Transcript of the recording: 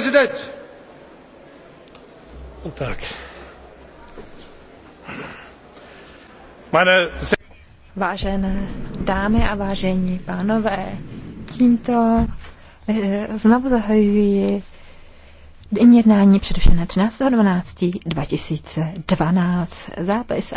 prezident. No tak. Vážené dámy a vážení pánové, tímto eh, znovu zahajuji jednání předušené 13.12.2012. Zápis a